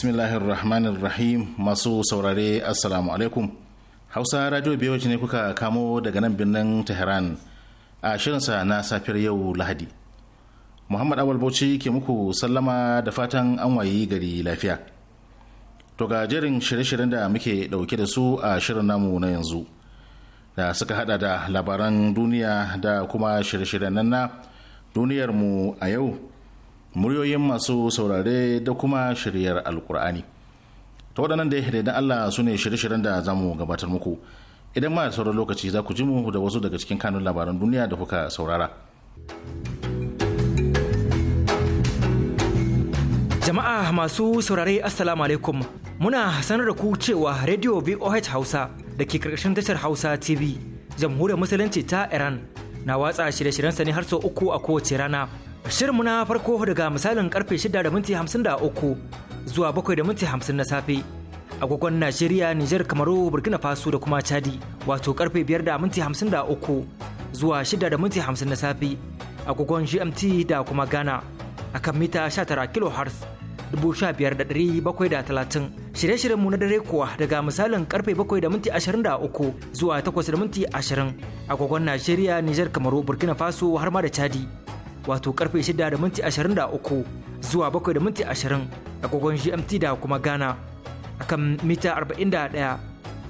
bismillahirrahmanirrahim masu saurare assalamu alaikum hausa radio biyu ne kuka kamo daga nan birnin tehran a shirinsa na safiyar yau lahadi muhammad awal bauchi ke muku sallama da fatan an wayi gari lafiya to ga jerin shirye-shiryen da muke dauke da su a shirin namu na yanzu da suka hada da labaran duniya da kuma shirye-shiryen nan na duniyarmu a yau muryoyin masu saurare da kuma shiryar alkur'ani ta waɗannan da ya da allah su ne shirye-shiryen da za mu gabatar muku idan ma sauran lokaci za ku ji mu da wasu daga cikin kanun labaran duniya da kuka saurara jama'a masu saurare assalamu alaikum muna sanar da ku cewa radio voh hausa da ke karkashin tashar hausa tv jamhuriyar musulunci ta iran na watsa shirye-shiryensa ne har sau uku a kowace rana Shirinmu na farko daga misalin karfe 6:53 zuwa 7:50 na safe. Agogon Najeriya, Nijar, Kamaru, Burkina Faso da kuma Chadi wato karfe 5:53 zuwa 6:50 na safe. Agogon GMT da kuma Ghana akan mita 19 kHz 15730. shirye shiryen mu na dare kuwa daga misalin karfe 7 da minti 23 zuwa 8 da minti 20 agogon Najeriya, Nijar, Kamaru, Burkina Faso har ma da Chadi. wato karfe 6 da minti 23 zuwa 7 da minti 20 agogon GMT da kuma Ghana akan mita 41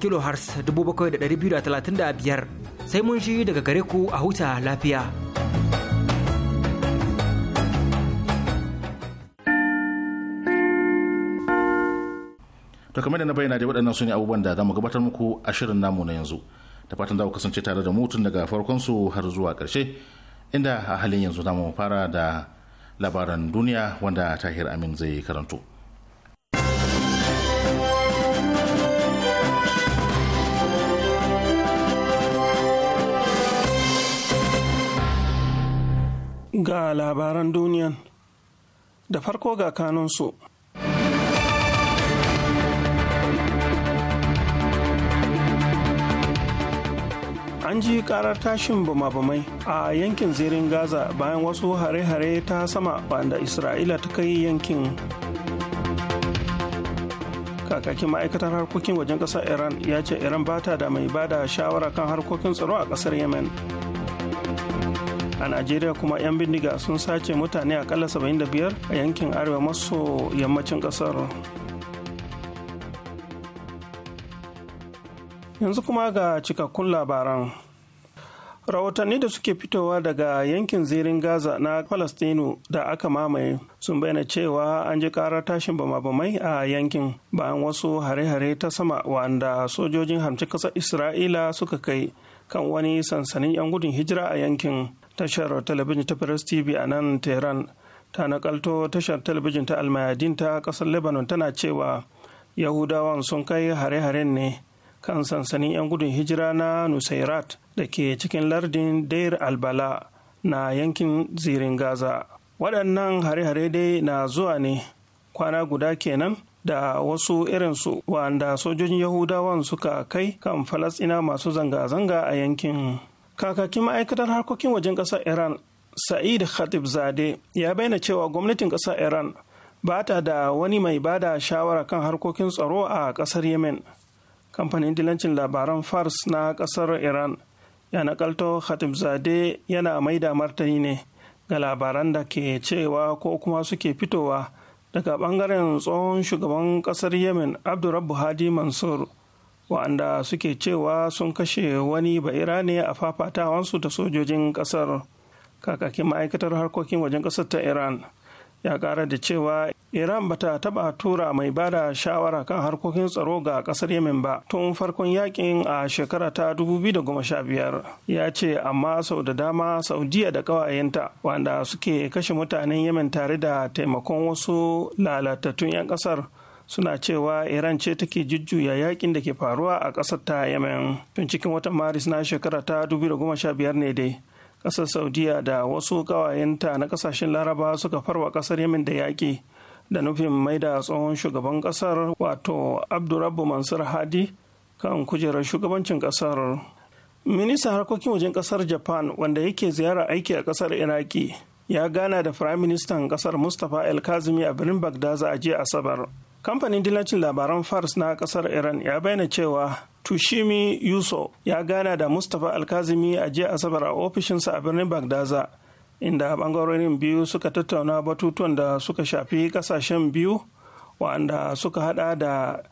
kilohertz 7,235 sai mun shi daga gare ku a huta lafiya. To kamar da na bayyana da waɗannan su ne abubuwan da zamu mu gabatar muku a shirin namu na yanzu. Da fatan za ku kasance tare da mutun daga farkon su har zuwa ƙarshe. inda a halin yanzu zama mu fara da labaran duniya wanda tahir amin zai karanto ga labaran duniyan da farko ga kanunsu an ji karar tashin bama-bamai a yankin zirin gaza bayan wasu hare-hare ta sama wanda isra'ila ta kai yankin kakakin ma'aikatar harkokin wajen ƙasar iran ya ce iran ba ta da mai ba da shawara kan harkokin tsaro a ƙasar yemen a najeriya kuma 'yan bindiga sun sace mutane akalla 75 a yankin arewa maso yammacin ƙasar yanzu kuma ga cikakkun labaran rahotanni da suke fitowa daga yankin zirin gaza na palestino da aka mamaye sun bayyana cewa an ji karar tashin bama-bamai a yankin bayan wasu hare-hare ta sama wanda sojojin hamci kasar isra'ila suka kai kan wani sansanin 'yan gudun hijira a yankin tashar talabijin ta press tv a nan tehran ta nakalto tashar talabijin ta almayadin ta kasar lebanon tana cewa yahudawan sun kai hare-haren ne kan sansanin 'yan gudun hijira na nusairat da ke cikin lardin dair albala na yankin zirin gaza waɗannan hare-hare dai na zuwa ne kwana guda kenan da wasu irinsu wanda sojojin yahudawan suka kai kan falasina masu zanga-zanga a yankin kakakin ma'aikatar harkokin wajen ƙasar iran sa'id khatib zade ya bayyana cewa gwamnatin ƙasar iran ba ta da wani mai ba da shawara kan harkokin tsaro a ƙasar yemen kamfanin dilancin labaran fars na kasar iran ya nakalto khatibzade yana mai da martani ne ga labaran da ke cewa ko kuma suke fitowa daga bangaren tsohon shugaban kasar yemen abdurrabbu hadi mansur wa'anda suke cewa sun kashe wani ba'ira ne a fafatawansu da sojojin kasar kakakin ma'aikatar harkokin wajen kasar ta iran ya kara da cewa iran bata taba tura mai bada shawara kan harkokin tsaro ga kasar yemen ba tun farkon yakin a shekara ta 2015 ya ce amma sau da dama saudiya da kawayenta wanda suke kashe mutanen yemen tare da taimakon wasu lalatattun 'yan kasar suna cewa iran ce take jujjuya yakin da ke faruwa a kasar ta yemen tun cikin watan maris na shekara ta 2015 ne dai ƙasar saudiya da wasu ƙawayenta na ƙasashen laraba suka farwa ƙasar yamin da yaƙi da nufin maida tsohon shugaban ƙasar wato Abdurrabu mansur hadi kan kujerar shugabancin ƙasar ministan harkokin wajen ƙasar japan wanda yake ziyara aiki a ƙasar iraki ya gana da firayim ministan ƙasar mustapha el kazimi a birnin bagdaza a jiya asabar kamfanin dillacin labaran fars na kasar iran ya bayyana cewa tushimi yuso ya gana da mustapha alkazimi a jiya asabar a ofishinsa a birnin bagdaza inda bangarorin biyu suka tattauna batutuwan da suka shafi kasashen biyu wa'anda suka hada da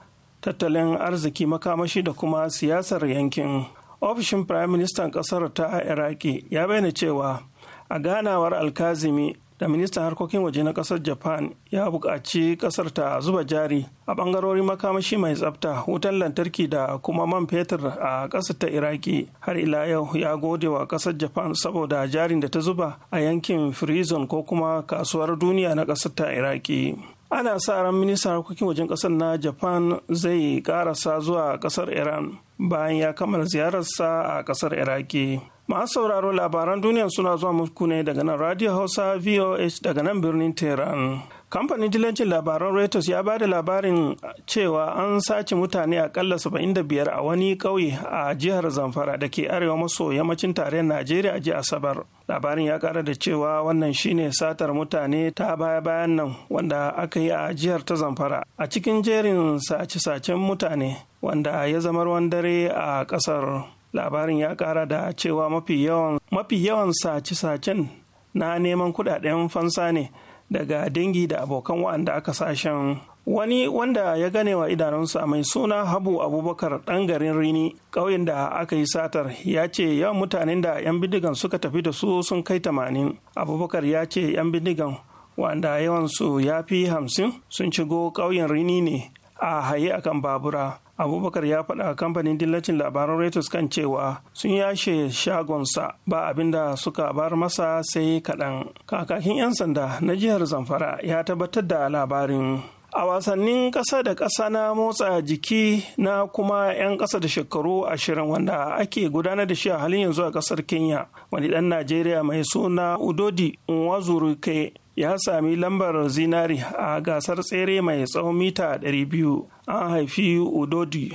tattalin arziki makamashi da kuma siyasar yankin ofishin firayim ministan kasar ta iraki ya bayyana cewa a ganawar alkazimi da ministan harkokin waje na kasar japan ya buƙaci kasar ta zuba jari a ɓangarorin makamashi mai tsafta wutan lantarki da kuma man fetur a ƙasar ta iraki har ila yau ya gode wa kasar japan saboda jarin da ta zuba a yankin frizon ko kuma kasuwar duniya na ƙasar ta iraki ana sa ran ministan harkokin wajen kasar na japan zai karasa zuwa kasar iran bayan ya kammala ziyararsa a kasar iraki masu sauraro labaran duniya suna zuwa muku ne daga nan radio hausa voh daga nan birnin tehran kamfanin dilancin labaran reuters ya ba da labarin cewa an sace mutane akalla 75 a wani ƙauye a jihar zamfara da ke arewa maso yammacin tarayyar najeriya a jiya asabar labarin ya kara da cewa wannan shine satar mutane ta baya bayan nan wanda aka yi a jihar ta zamfara a cikin jerin sace-sacen mutane wanda ya zama ruwan dare a ƙasar labarin ya kara da cewa mafi yawan sace-sacen na neman kuɗaɗen fansa ne daga dangi da abokan wa'anda aka sashen wani wanda ya gane wa idanunsa mai suna habu abubakar ɗan garin rini ƙauyen da aka yi satar ya ce yawan mutanen da 'yan bindigan suka tafi da su sun kai tamanin abubakar ya ce 'yan bindigan wanda yawansu ya fi hamsin sun shigo ƙauyen rini ne a haye akan babura abubakar ya faɗa kamfanin dillacin labaran reuters kan cewa sun yashe shagonsa ba abin da suka bar masa sai kaɗan kakakin 'yan sanda na jihar zamfara ya tabbatar da labarin a wasannin ƙasa da ƙasa na motsa jiki na kuma 'yan ƙasa da shekaru ashirin wanda ake gudanar da shi a halin yanzu a ƙasar kenya wani ɗan najeriya mai suna udodi nwazuruke ya sami lambar zinari a gasar tsere mai tsawon mita 200 an haifi udodi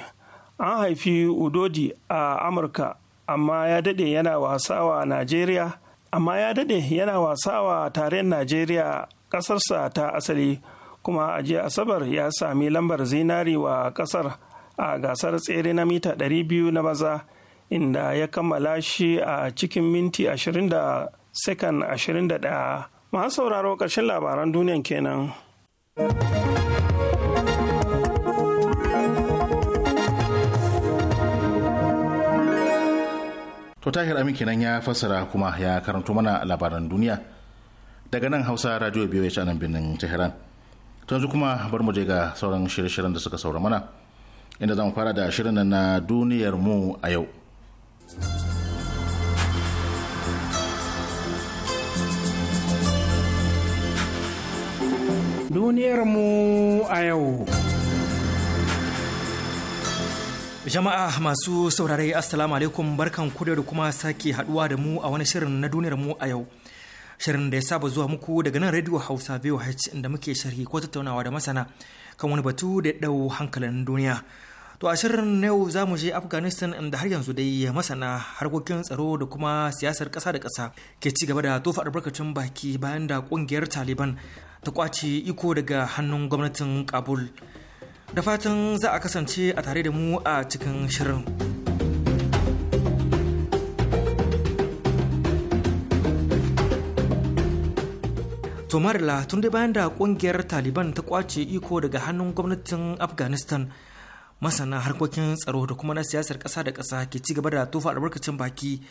an haifi udodi a amurka amma ya dade yana wasawa najeriya amma ya dade yana wasawa tarayyar najeriya kasarsa ta asali kuma a jiya asabar ya sami lambar zinari wa kasar a gasar tsere na mita 200 na maza inda ya kammala shi a cikin minti 20 da sekan 21 masu sauraro ƙarshen labaran duniyan kenan. To tahir amin kenan ya fassara kuma ya karanto mana labaran duniya daga nan hausa radio biyu ya nan birnin tehran yanzu kuma bar mu je ga sauran shirye-shiryen da suka saura mana inda zamu fara da shirin na duniyar mu a yau. duniyarmu a yau. Jama'a masu saurare Assalamu alaikum barkan ku da kuma sake haduwa da mu a wani shirin na duniyar mu a yau. Shirin da ya saba zuwa muku daga nan Radio Hausa VOH inda muke sharhi ko tattaunawa da masana kan wani batu da ya dau hankalin duniya. To a shirin na yau za mu je Afghanistan inda har yanzu dai masana harkokin tsaro da kuma siyasar kasa da kasa ke ci gaba da tofa albarkacin baki bayan da ƙungiyar Taliban ta kwace iko daga hannun gwamnatin Kabul. Da fatan za a kasance a tare da mu a cikin shirin. Somalila tun dai bayan da kungiyar Taliban ta kwace iko daga hannun gwamnatin Afghanistan masana harkokin tsaro da kuma na siyasar ƙasa da ƙasa ke ci gaba da tofa albarkacin baki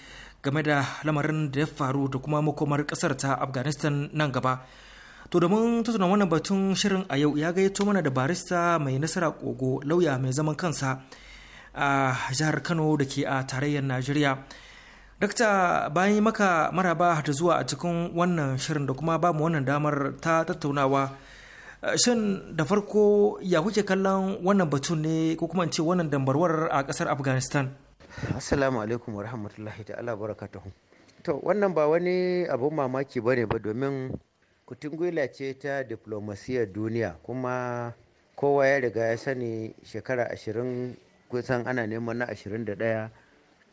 game da lamarin da ya faru da kuma makomar ƙasar ta afghanistan nan gaba to domin tattauna wannan batun shirin a yau ya gayyato mana da barista mai nasara kogo lauya mai zaman kansa a jihar kano da ke a tarayyar najeriya dakta bayan maka maraba da zuwa a cikin wannan shirin da kuma ba wannan damar ta tattaunawa shin da farko ya kuke kallon wannan batun ne ko kuma ce wannan dambarwar a kasar afghanistan assalamu alaikum warahmatullahi ta'ala barakatuhu to wannan ba wani abin mamaki ba ne ba domin kutungula ce ta diplomasiyar duniya kuma kowa ya riga ya sani shekara ashirin kusan ana neman na ashirin da ɗaya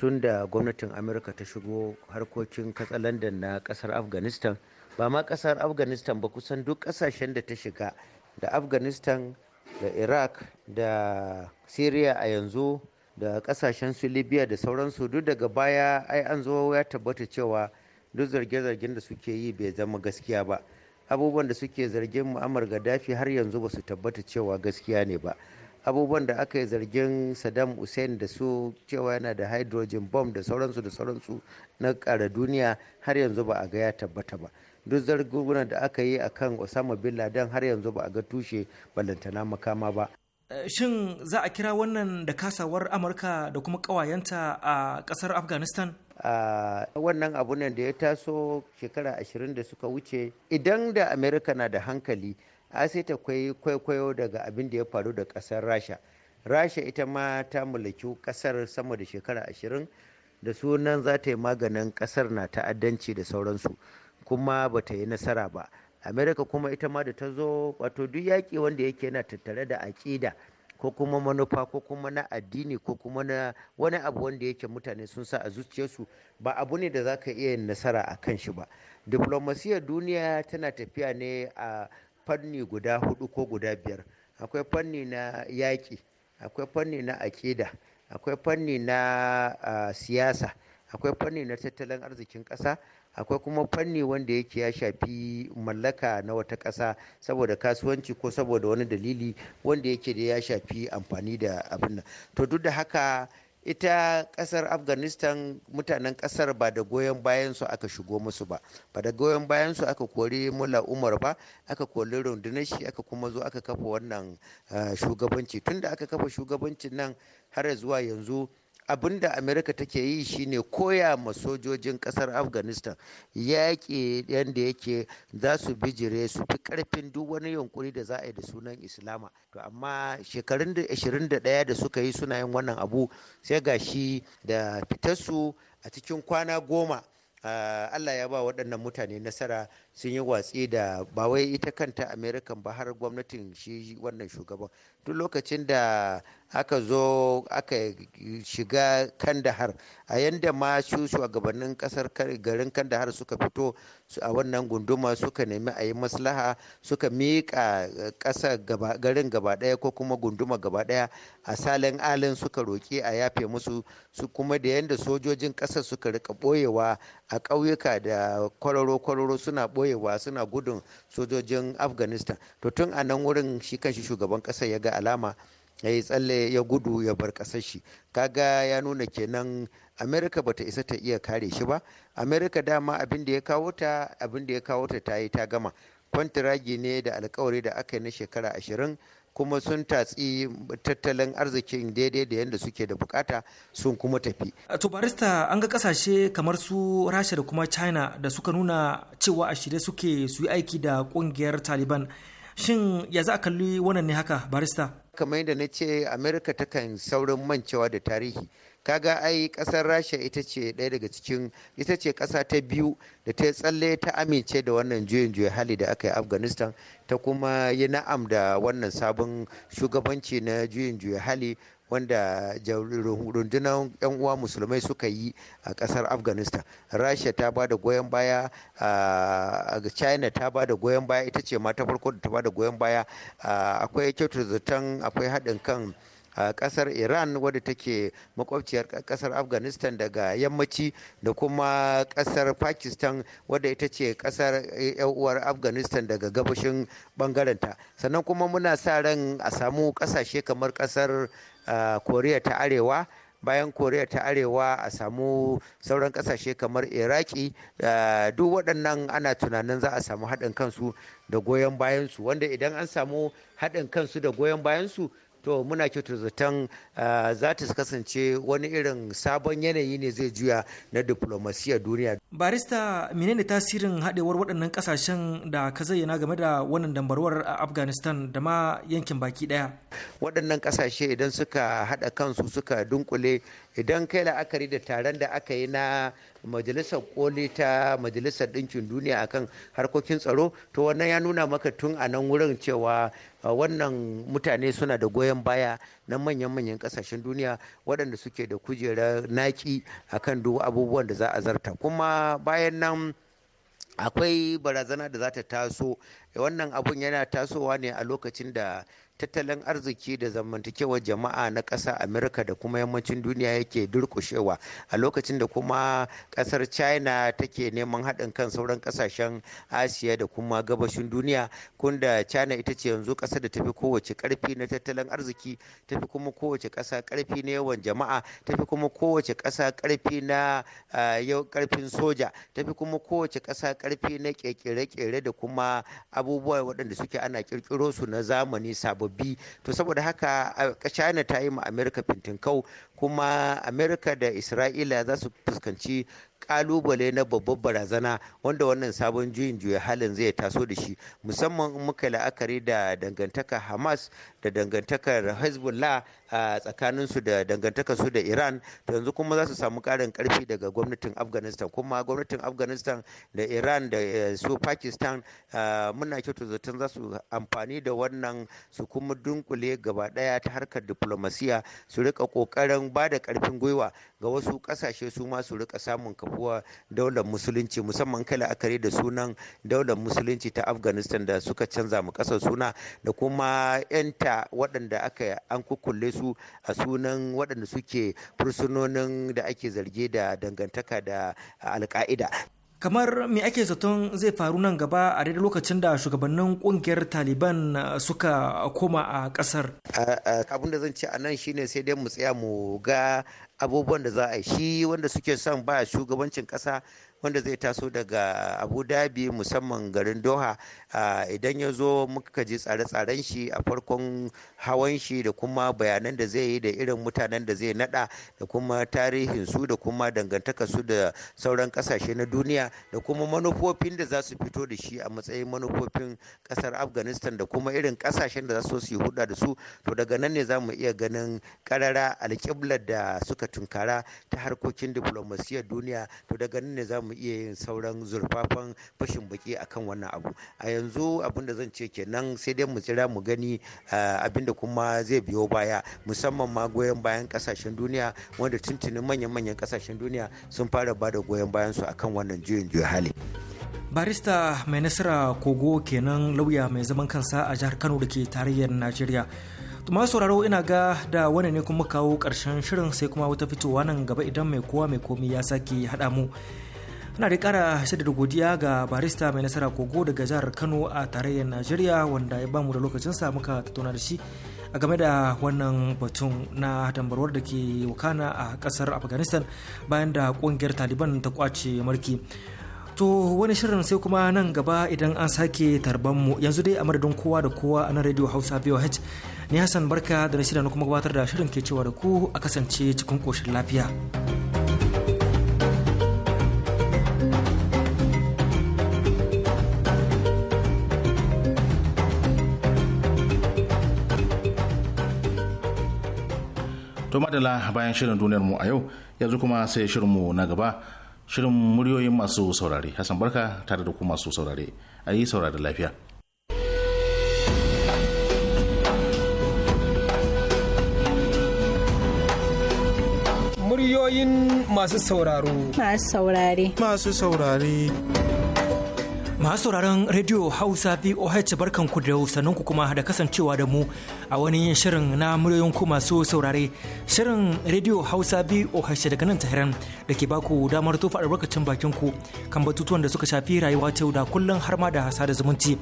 tun da gwamnatin amurka ta shigo harkokin katsalandan na kasar afghanistan ba ma kasar afghanistan ba kusan duk kasashen da ta shiga da afghanistan da iraq da syria a yanzu da kasashen su libya da sauransu duk daga baya ai an zo ya tabbata cewa duk zarge-zargen da suke yi bai zama gaskiya ba abubuwan da suke zargin mu'amar gaddafi har yanzu ba su tabbata cewa gaskiya ne ba abubuwan da aka yi zargin saddam hussein da su cewa yana da hydrogen bomb da sauransu da sauransu na ƙara duniya har yanzu ba a ga ya tabbata ba duk zargunan da aka yi akan osama bin laden har yanzu ba a ga tushe ballantana makama ba eh, shin za a kira wannan da kasawar amurka da kuma kawayenta a kasar afghanistan a wannan abu ne da ya taso shekara ashirin da suka wuce idan da amerika na da hankali a sai ta kwaikwayo daga abin da ya faru da kasar rasha rasha ita ma ta mulki kasar sama da shekara ashirin da sunan za ta yi maganin kasar na ta'addanci da sauransu kuma ba ta yi nasara ba america kuma ita ma da ta zo wato duk yaƙi wanda yake yana tattare da aƙida ko kuma manufa ko kuma na addini ko kuma na wani abu wanda yake mutane sun sa a zuciyarsu ba abu ne da za ka iya yin nasara a kan shi ba diplomasiyar duniya tana tafiya ne a fanni guda hudu ko guda biyar akwai fanni na yaƙi akwai fanni na aƙida akwai fanni na uh, siyasa akwai fanni na tattalin arzikin ƙasa akwai kuma fanni wanda yake ya shafi mallaka na wata ƙasa saboda kasuwanci ko saboda wani dalili wanda yake da ya shafi amfani da abin nan to duk da haka ita ƙasar afghanistan mutanen ƙasar ba da goyon bayan su aka shigo musu ba ba da goyon bayan su aka kori mula umar ba aka kori rundunar shi aka kuma zo aka kafa wannan eh, shugabanci tunda aka kafa shugabancin nan har zuwa yanzu abin da amerika take yi shine koya ma sojojin kasar afghanistan yaƙi yadda yake za su bijire su fi ƙarfin duk wani yunkuri da za a yi da sunan islama to amma shekarun da ashirin da ɗaya da suka yi suna yin wannan abu sai ga shi da fitarsu a cikin kwana goma Allah ya ba waɗannan mutane nasara sun yi watsi da ba wai ita kanta Amerikan ba har gwamnatin shi wannan shugaban. Duk lokacin da aka zo aka shiga kandahar a yadda ma su shugabannin kasar garin kandahar suka fito a wannan gunduma suka nemi a yi maslaha suka miƙa eh, ƙasar garin gaba ɗaya ko kuma gunduma gaba ɗaya a salin alin suka roƙi a yafe musu su kuma da yadda sojojin ƙasar suka rika ɓoyewa a ƙauyuka da kwararo-kwararo suna ɓoyewa suna gudun sojojin afghanistan to tun a nan wurin shi kanshi shugaban ƙasar ya ga alama ya yi tsalle ya gudu ya bar ƙasar shi kaga ya nuna kenan amerika bata isa ta iya kare shi ba amerika dama abin da ya kawo ta abin da ya kawo ta ta yi ta gama kwantiragi ne da alkawari da aka yi na shekara ashirin kuma sun tatsi tattalin arzikin daidai da yadda suke da bukata sun kuma tafi. To barista an ga kasashe kamar su Rasha da kuma China da suka nuna cewa a shirye suke su yi aiki da kungiyar Taliban. Shin ya za a kalli wannan ne haka barista? kamar yadda na ce amerika takan saurin mancewa da tarihi ka ga ai kasar rasha ita ce ɗaya daga cikin ita ce ƙasa ta biyu da ta tsalle ta amince da wannan juyin juya hali da aka yi afghanistan ta kuma yi na'am da wannan sabon shugabanci na juyin juya hali wanda rundunar 'yan uwa musulmai suka yi a kasar afghanistan rasha ta ba da goyon baya china ta ba da goyon baya ita ce ma ta farko da ta ba da goyon baya akwai kyautar zaton akwai haɗin kan a kasar iran wadda take makwabciyar kasar afghanistan daga yammaci da kuma kasar pakistan wadda ita ce kasar e, uwar afghanistan daga gabashin bangarenta sannan kuma muna sa ran a samu ƙasashe kamar kasar koriya ta arewa bayan koriya ta arewa a samu sauran kasashe kamar iraki duk waɗannan ana tunanin za a samu haɗin kansu da goyon bayansu wanda idan an samu haɗin kansu da goyon bayansu to muna kyautar zaton za ta kasance wani irin sabon yanayi ne zai juya na diplomasiya duniya. barista menene tasirin haɗewar waɗannan ƙasashen da ka zayyana game da wannan dambarwar a afghanistan da ma yankin baki ɗaya waɗannan ƙasashe idan suka haɗa kansu suka dunkule idan kai la'akari da taron da aka yi na majalisar koli ta majalisar ɗinkin duniya akan harkokin tsaro to wannan ya nuna maka tun a nan wurin cewa wannan mutane suna da goyon baya na manyan-manyan ƙasashen duniya waɗanda suke da kujerar naki akan duk abubuwan da za a zarta kuma bayan nan akwai barazana da za ta taso wannan abun yana tasowa ne a lokacin da tattalin arziki da zamantakewar jama'a na ƙasa Amerika da kuma yammacin duniya yake durƙushewa a lokacin da kuma ƙasar China take neman haɗin kan sauran ƙasashen Asiya da kuma gabashin duniya kunda China ita ce yanzu ƙasar da tafi kowace ƙarfi na tattalin arziki tafi kuma kowace ƙasa ƙarfi na yawan jama'a tafi kuma kowace ƙasa ƙarfi na yau ƙarfin soja tafi kuma kowace ƙasa ƙarfi na ƙirƙire-ƙirƙire da kuma abubuwa waɗanda suke ana ƙirƙiro su na zamani sababbi bi to saboda haka china ta yi ma america kau kuma america da isra'ila za su fuskanci kalubale na babbar barazana wanda wannan sabon juyin juya halin zai taso da shi musamman in muka la'akari da dangantakar hamas da dangantakar hezbollah a su da su da iran to yanzu kuma za su samu karin karfi daga gwamnatin afghanistan kuma gwamnatin afghanistan da iran da eh, su pakistan eh, muna kyautu zaton za su amfani da wannan su kuma dunkule gaba daya ta harkar diplomasiya su rika kokarin ba da karfin gwiwa ga wasu kasashe su ma su rika samun kafuwa daular musulunci musamman kai la'akari da sunan daular musulunci ta afghanistan da suka canza mu kasar suna da kuma 'yanta waɗanda aka an kukulle su su a sunan waɗanda suke fursunonin da ake zarge da dangantaka da alka'ida kamar me ake zaton zai faru nan gaba a daidai lokacin da shugabannin kungiyar taliban suka koma a kasar abin da zan ce a nan shine sai dai mu tsaya mu ga abubuwan da za a yi shi wanda suke son ba shugabancin kasa wanda zai taso daga abu dhabi musamman garin doha idan ya zo muka ji tsare-tsaren shi a farkon hawan shi da kuma bayanan da zai yi da irin mutanen da zai nada da kuma tarihin su da kuma dangantaka su da sauran kasashe na duniya da kuma manufofin da za su fito da shi a matsayin manufofin kasar afghanistan da kuma irin kasashen da za su yi huda da su to daga nan ne za mu iya ganin karara alƙiblar da suka tunkara ta harkokin diflomasiyyar duniya to daga nan ne za mu mu iya yin sauran zurfafan fashin baki akan wannan abu a yanzu abin da zan ce kenan sai dai mu tsira mu gani abin da kuma zai biyo baya musamman ma goyon bayan kasashen duniya wanda tuntunin manyan-manyan kasashen duniya sun fara ba da goyon bayan su akan wannan juyin juya hali barista mai nasara kogo kenan lauya mai zaman kansa a jihar kano da ke tarayyar najeriya tuma sauraro ina ga da wani ne kuma kawo karshen shirin sai kuma wata fitowa nan gaba idan mai kowa mai komi ya sake haɗa mu ina da kara da godiya ga barista mai nasara kogo daga jihar kano a tarayyar najeriya wanda ya bamu da lokacinsa muka tattauna da shi a game da wannan batun na tambarwar da ke wakana a kasar afghanistan bayan da kungiyar taliban ta kwace mulki to wani shirin sai kuma nan gaba idan an sake mu yanzu dai a madadin kowa da kowa a nan radio hausa voh ni hassan barka da na shida kuma gabatar da shirin ke cewa da ku a kasance cikin koshin lafiya to madala bayan shirin duniyar mu a yau yanzu kuma sai shirin mu na gaba shirin muryoyin masu saurare hassan barka tare da ku masu saurare a yi saurare lafiya muryoyin masu sauraro masu saurare masu saurare Masu sauraron Radio Hausa VOH barkanku da ku kuma da kasancewa da mu a wani shirin na muryoyin ku masu saurare. Shirin Radio Hausa VOH daga nan Tahiran da ke baku damar tofa albarkacin bakin ku kan batutuwan da suka shafi rayuwa ta da kullun har ma da hasa zumunci.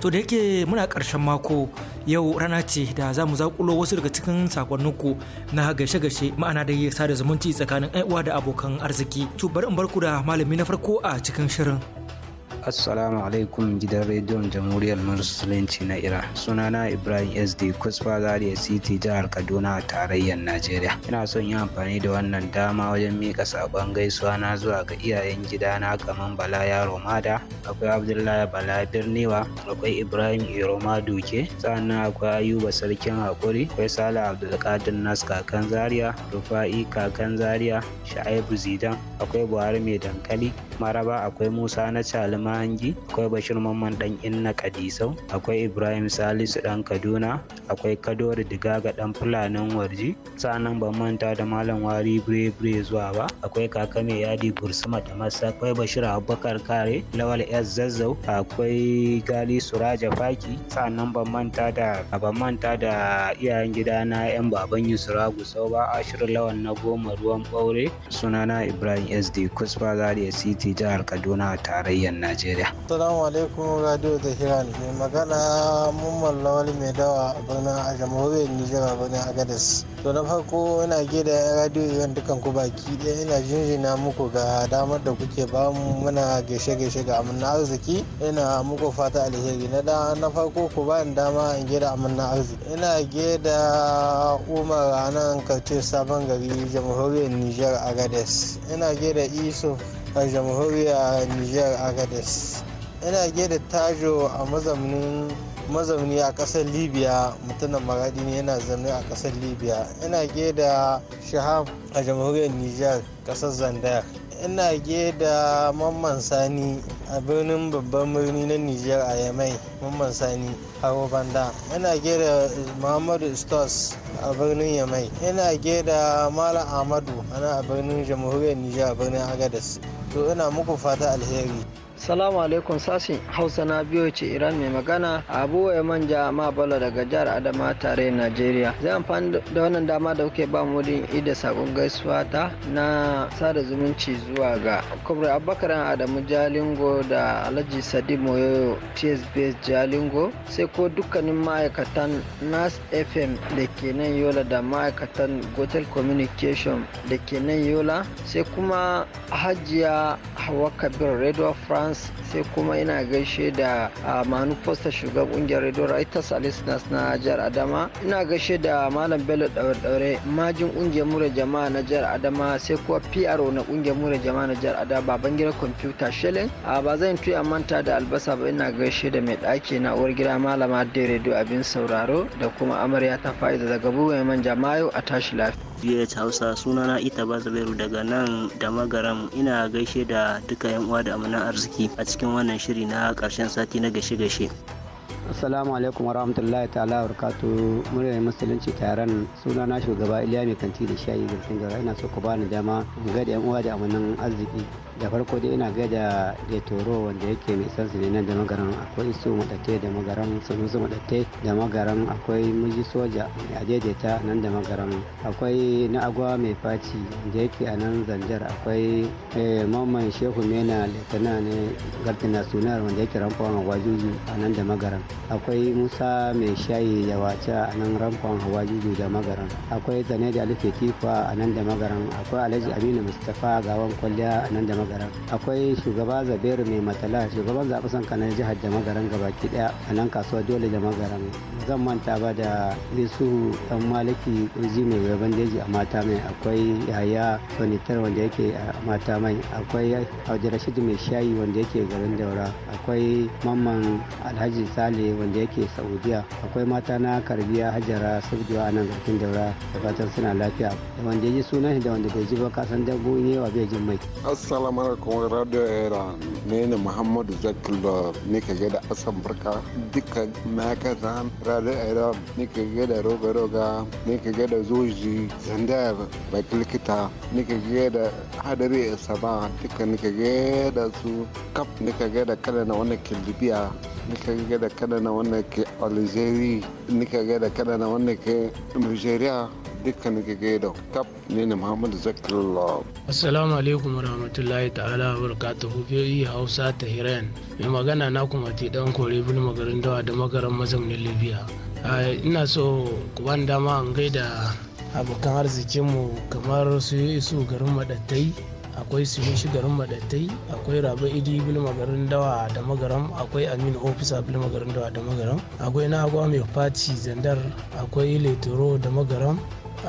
To da yake muna karshen mako yau rana ce da za mu zakulo wasu daga cikin ku na gashe-gashe ma'ana da yi sada zumunci tsakanin uwa da abokan arziki. To bari in barku da malami na farko a cikin shirin. assalamu alaikum gidan rediyon jamhuriyar musulunci na iran sunana ibrahim sd kusfa zaria city jihar kaduna a tarayyar najeriya ina son yi amfani da wannan dama wajen mika sabon gaisuwa na zuwa ga iyayen gidana kamar bala yaro mada akwai abdullahi bala birniwa akwai ibrahim iroma duke sannan akwai ayuba sarkin hakuri akwai sale abdulkadir nas kakan zaria rufa'i kakan zaria sha'ibu zidan akwai buhari mai dankali maraba akwai musa na calima Mahangi, akwai Bashir Mamman ɗan Inna Kadisau, akwai Ibrahim Salisu ɗan Kaduna, akwai Kadori Digaga dan Fulanin Warji, sanan ban manta da Malam Wari Bire zuwa ba, akwai Kaka Mai Yadi Gursuma da Masa, akwai Bashir Abubakar Kare, Lawal S Zazzau, akwai Gali Suraja Faki, sanan ban manta da ban manta da iyayen gidana 'yan baban Yusra Gusau ba, Ashirin Lawan na goma ruwan ɓaure, sunana Ibrahim SD Kusfa Zaria City jihar Kaduna tarayyar Najeriya. Najeriya. Salamu alaikum Radio da Hiran mai magana Mummal Lawal mai dawa a birnin a jamhuriyar Nijar a birnin Agadez. To na farko ina ge da Radio Iran dukan ku baki ɗaya ina jinjina muku ga damar da kuke bamu muna gaishe-gaishe ga amin arziki ina muku fata alheri na da na farko ku ba ni dama in ge da amin arziki ina ge da Umar ranar karce sabon gari jamhuriyar Nijar Agadez ina ge da Isuf a jamhuriyar niger agades ina gida tajo a mazaunin mazauni a kasar libya mutumin maradi ne yana zaune a kasar libya ina gida shahab a jamhuriyar niger kasar zandar ina gida mamman sani a birnin babban birni na niger a yamai mamman sani haro banda ina gida muhammadu stars a birnin yamai ina gida malam amadu ana a birnin jamhuriyar niger a birnin agadas to ina muku fata alheri Salamu alaikum sashin Hausa na biyo ce Iran mai magana Abu ya manja ma bala daga jihar Adama tare Najeriya. Zai amfani da wannan dama da kuke ba mu din ida sakon gaisuwa ta na sada zumunci zuwa ga Kubra Abubakar Adamu Jalingo da Alhaji Sadi Moyo TSB Jalingo sai ko dukkanin ma'aikatan Nas FM da ke nan Yola da ma'aikatan Gotel Communication da ke nan Yola sai kuma Hajiya Hawa Kabir Radio France sai kuma ina gaishe da manu shugaban kungiyar radio writers listeners na jihar adama ina gaishe da malam bello daure-daure majin kungiyar mura jama'a na jihar adama sai kuwa pro na kungiyar mura jama'a na jihar adama baban gidan kwamfuta shelin ba zan tuya manta da albasa ba ina gaishe da mai ɗaki na uwar gida malama da radio abin sauraro da kuma amarya ta faɗi daga bugun manja mayo a tashi lafiya biyu hausa sunana ita ba zubairu daga nan da magaram ina gaishe da duka yan uwa da amana arziki a cikin wannan shiri na karshen sati na gashe-gashe Assalamu alaikum warahmatullahi ta'ala wa barakatu muryar musulunci taron suna na shugaba Iliya mai kanti da shayi da ina so ku bani dama in ga da yan uwa da amanan arziki da farko dai ina gaida da toro wanda yake mai san su ne nan da magaran akwai su madate da magaran su madate da magaran akwai miji soja mai adaidaita nan da magaran akwai na agwa mai faci da yake a nan zanjar akwai eh, mamman shehu mena litana ne gardina sunar wanda yake hawa juju a nan da magaran akwai musa mai shayi da wace a nan hawa juju da magaran akwai zane da alifetifa a nan da magaran akwai alhaji aminu mustapha gawan kwalliya a nan da jamagaran akwai shugaba zabiru mai matala shugaban zaɓi sanka na jihar da gaba ki ɗaya a nan kasuwa dole jamagaran zan manta ba da isu dan maliki kurji mai wai bandeji a mata mai akwai yaya sonitar wanda yake a mata mai akwai hauji rashidu mai shayi wanda yake garin daura akwai mamman alhaji sale wanda yake saudiya akwai mata na karbiya hajara sabjiwa a nan garkin daura da fatan suna lafiya wanda ya ji sunan da wanda bai ji ba kasan ne wa bai jin mai kuma radio era ne ne muhammadu zakilo ne ka gada asan barka duka na zan radio era ne ka gada roga roga ne ka gada zoji zandar baki likita ne ka gada hadari Saba duka ne ka gada su kaf ne ka gada kada na wannan ke libya ne ka gada kada na wannan ke algeria ne ka gada kada na wannan ke nigeria dukkan nake da kaf ne na Muhammadu Zakirullah. Assalamu alaikum warahmatullahi ta'ala barakatuhu biyoyi e Hausa ta Hiran. Mai magana na kuma ti dan kore bulma magarin dawa da magaran mazaunin Libya. Ina so ku ban dama an gaida abokan arzikinmu kamar su isu garin madattai akwai shi garin madattai akwai rabu idi bilma magarin dawa da magaram akwai aminu ofisa a magarin dawa da magaram akwai na agwa mai fati zandar akwai leturo da magaram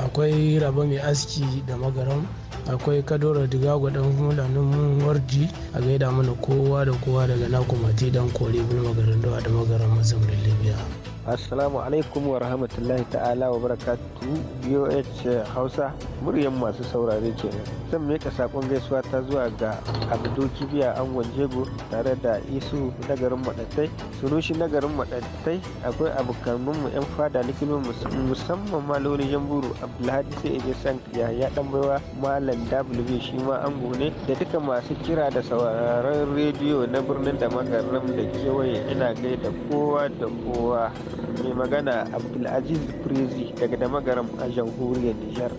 akwai raba mai aski da magaram akwai kadora diga gwadon hulanin warji a gaida mana kowa da kowa daga naku mati dan kore bulma garin da magaran mazaunin libiya. assalamu alaikum wa rahmatullahi ta'ala wa barakatu boh eh, hausa muryan masu saurare kenan zan mika sakon gaisuwa ta zuwa ga abdu kibiya angon jego tare da isu na garin madattai sunushi na garin madattai akwai abokanmu mu yan fada likimin musamman maloli jamburu abdulhadi sai eje san ya dan baiwa malam w shi ma ango ne da duka masu kira da sauraron rediyo na birnin da magarin da kewaye ina gaida kowa da kowa mai magana abdulaziz prezi daga damagaram a jamhuriyar nijar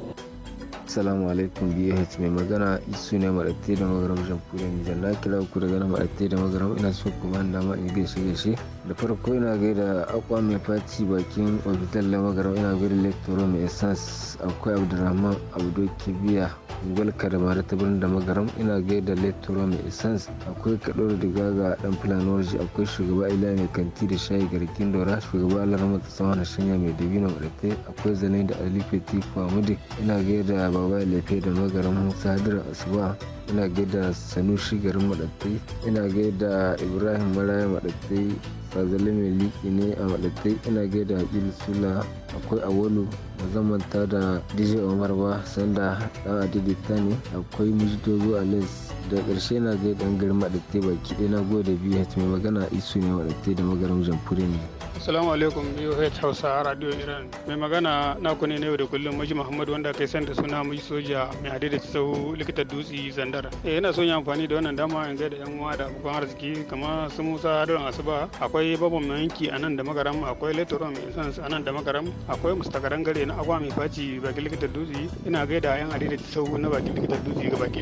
salamu alaikum BH mai magana isu ne maɗatte da magaram jamhuriyar Nijar na kira ku daga na maɗatte da magaram ina so kuma da ma in gaishe gaishe da farko ina da akwa mai faci bakin ofital magaram ina da lektoro mai essence akwai abdulrahman abdo kibiya gwalka da mara ta birnin da magaram ina da lektoro mai esans akwai kaɗar diga a dan fulanoji akwai shugaba ila mai kanti da shayi garkin dora shugaba alarma ta sama na shanya mai dabino maɗafe akwai zane da alifeti kwamudik ina da baba lefe da magaram musa hadira asuba ina gaida sanushi garin madattai ina gaida ibrahim maraya madattai fazali mai liki ne a madattai ina gaida hakilu sula akwai awolu da zan manta da dj omar ba sanda dan ta ne akwai mujidogo alex da karshe na zai dan girma da te baki dai na gode bh mai magana isu ne te da magarin jamfuri ne Assalamu alaikum UH Hausa Radio Iran. Mai magana na ku ne na yau da kullum Maji Muhammad wanda kai san da suna Maji Soja mai hade da tsawo likita dutse zandara. Eh ina son yi amfani da wannan dama in gaida yan uwa da abokan arziki kamar su Musa Haruna Asuba, akwai Babban Manki a nan da Magaram, akwai Letoron sans a nan da Magaram, akwai mustakaran gare na agwa mai faci bakin likitar dutse ina gaida yan adida sau na bakin likitar dutse ga baki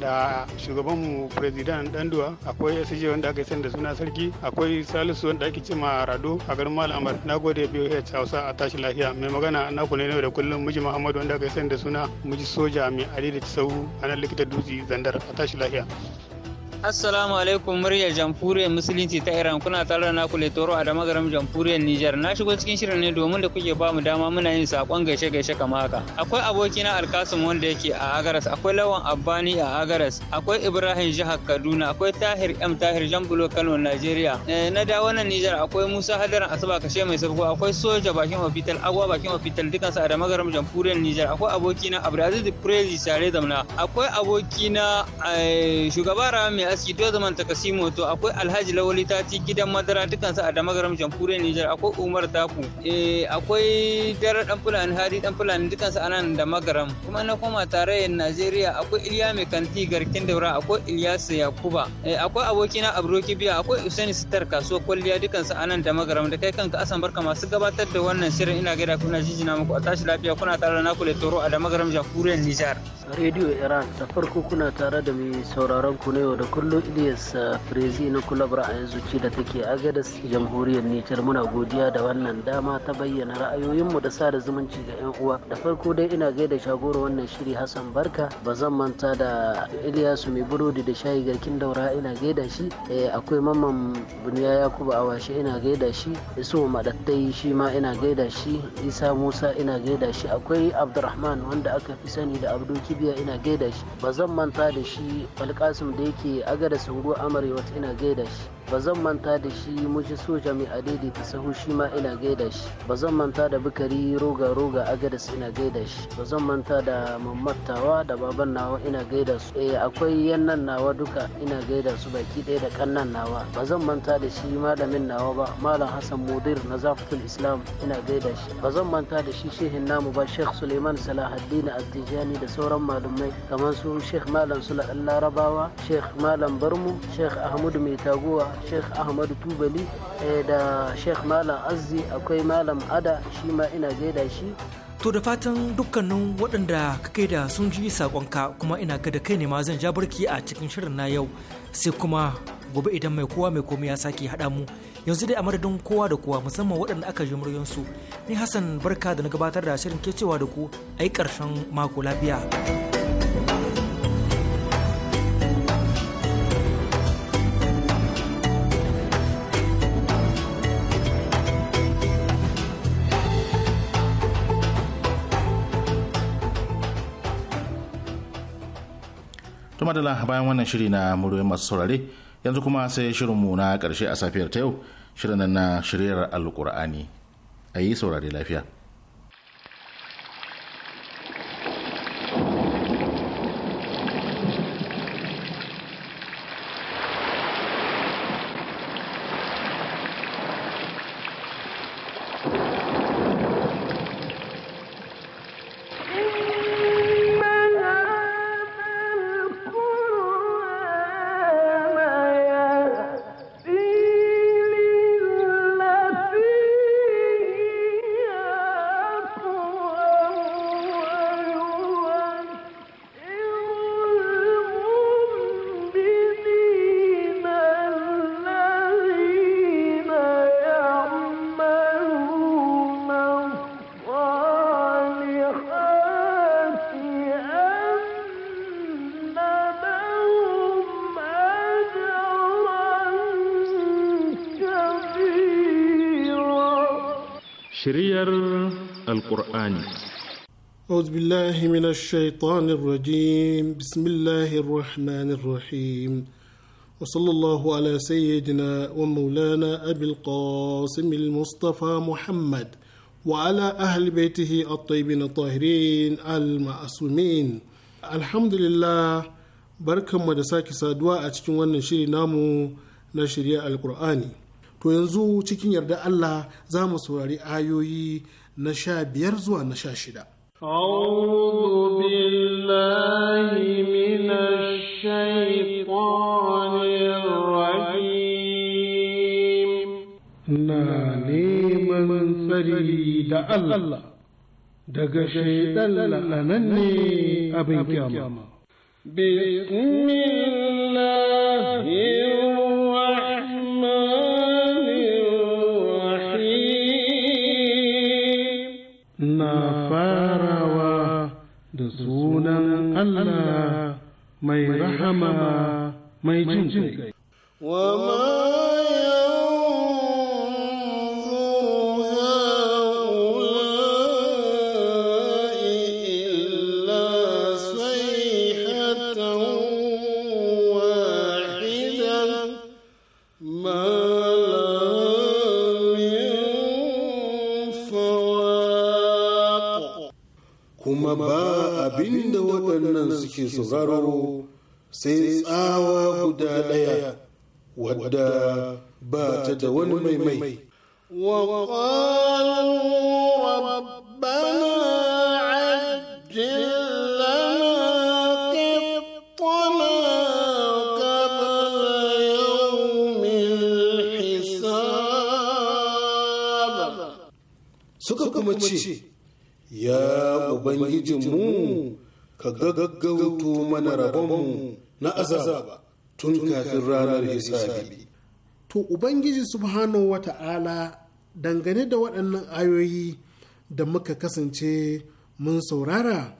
da shugabanmu president danduwa akwai sj wanda aka sani da suna sarki akwai salisu wanda ake cima rado a garin malamar na gode biyu boh hausa a tashi lafiya mai magana na ku ne da kullum miji muhammadu wanda aka sani da suna miji soja mai adida sau a nan likitar dutse zandar a tashi lafiya Assalamu alaikum murya jamhuriyar musulunci ta Iran kuna tare da naku Letoro a damagaram jamhuriyar Nijar na shigo cikin shirin ne domin da kuke ba mu dama muna yin sakon gaishe gaishe kamar haka akwai abokina Alkasim wanda yake a Agaras akwai Lawan Abbani a Agaras akwai Ibrahim Jihar Kaduna akwai Tahir M Tahir Jambulo Kano Najeriya eh, na dawo nan Nijar akwai Musa Hadaran Asaba Kashe mai sabgo akwai Soja bakin ofital Agwa bakin ofital dukansu a damagaram jamhuriyar Nijar akwai abokina Abdulaziz Prezi Sare Zamna akwai abokina eh, shugaba Rami alhaji do zaman ta kasimo to akwai alhaji lawali ta ci gidan madara dukansu a damagaram jamhuriyar nijar akwai umar taku eh, akwai dare dan fulani hari dan fulani dukansu a nan da magaram kuma na koma tarayyar najeriya akwai iliya mai kanti garkin daura akwai ilyasu yakuba eh, akwai abokina abroki biya akwai usaini sitar kasuwar kwalliya dukansu a nan da magaram da kai kanka asan barka masu gabatar da wannan shirin ina gaida kuna jijina muku a tashi lafiya kuna tare da naku toro a da magaram jamhuriyar nijar radio iran da farko kuna tare da mai sauraron ku na yau da kullum kullu Ilyas Frezi na kulob a zuci da take agadas jamhuriyar Nijar muna godiya da wannan dama ta bayyana ra'ayoyinmu da sada zumunci ga 'yan uwa. Da farko dai ina gaida shagoro wannan shiri Hassan Barka ba zan manta da iliyasu mai burodi da shayi garkin daura ina gaida shi eh, akwai mamman Buniya Yakubu Awashe ina gaida shi Isu Madattai shi ma ina gaida shi Isa Musa ina gaida shi akwai Abdurrahman wanda aka fi sani da Abdul Kibiya ina gaida shi ba zan manta da shi Alkasim da yake da horo amarewa ina gaida shi ba zan manta da shi mushi soja mai adede ta sahu shi ma ina gaida shi ba zan manta da bukari roga roga agadas ina gaida shi ba zan manta da mamatawa da baban nawa ina gaida su eh akwai yannan nawa duka ina gaida su baki ɗaya da kannan nawa ba zan manta da shi malamin nawa ba malam hassan mudir na zafatul islam ina gaida shi ba zan manta da shi shehin namu ba sheikh suleiman salahaddin attijani da sauran malumai kamar su sheikh malam sula larabawa sheikh malam malam barmu sheikh ahmadu mai taguwa sheikh ahmadu tubali eh, da sheikh malam azzi akwai malam ada shi ma ina gaida shi To da fatan dukkanin waɗanda ka kai da sun ji sakonka kuma ina ga da kai ne ma zan ja barki a cikin shirin na yau sai kuma gobe idan mai kowa mai komai ya sake haɗa mu yanzu dai a madadin kowa da kowa musamman waɗanda aka ji muryansu ni Hassan barka da na gabatar da shirin ke cewa da ku a yi ƙarshen mako lafiya. to madalla bayan wannan shiri na muryoyin masu saurare yanzu kuma sai shirinmu na karshe a safiyar ta yau shirin na shiryar alkur'ani a yi saurare lafiya shiryar alkur'ani أعوذ بالله من الشيطان الرجيم بسم الله الرحمن الرحيم وصلى الله على سيدنا ومولانا أبي القاسم المصطفى محمد وعلى أهل بيته الطيبين الطاهرين المعصومين الحمد لله بركة مدساك سادوا أتكون ونشري نامو نشري القرآني to yanzu cikin yarda Allah za mu saurari ayoyi na sha biyar zuwa na sha shida. Na neman tsari da Allah daga shaidan lalanan ne abin kyama. بسم الله Allah mai rahama mai jin kai. kuma ba abin da waɗannan suke sauraro sai tsawa guda ɗaya wadda ba ta da wani mai mai. Suka kuma ce, ya Ubangijinmu ka gaggauto mana rabonmu na azaba tun kafin ranar hisabi. To Ubangiji Subhanahu wa ta'ala dangane da waɗannan ayoyi da muka kasance mun saurara,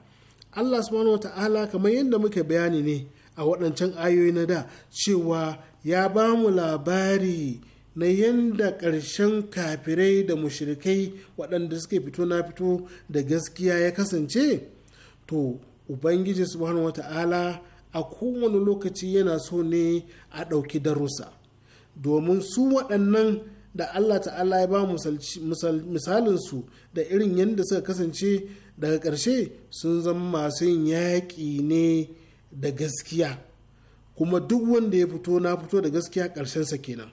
Allah Subhanahu wa ta'ala kamar yadda muka bayani ne a waɗancan ayoyi na da cewa ya ba mu labari. na yadda ƙarshen kafirai da mushirikai waɗanda suke fito na fito da gaskiya ya kasance to ubangiji subhanahu wata'ala a kowane lokaci yana so ne a ɗauki darussa domin su waɗannan da allah ta'ala ya ba misalinsu da irin yadda suka kasance daga ƙarshe sun zama masu yin yaƙi ne da gaskiya kuma duk wanda ya fito na fito da gaskiya ƙarshensa kenan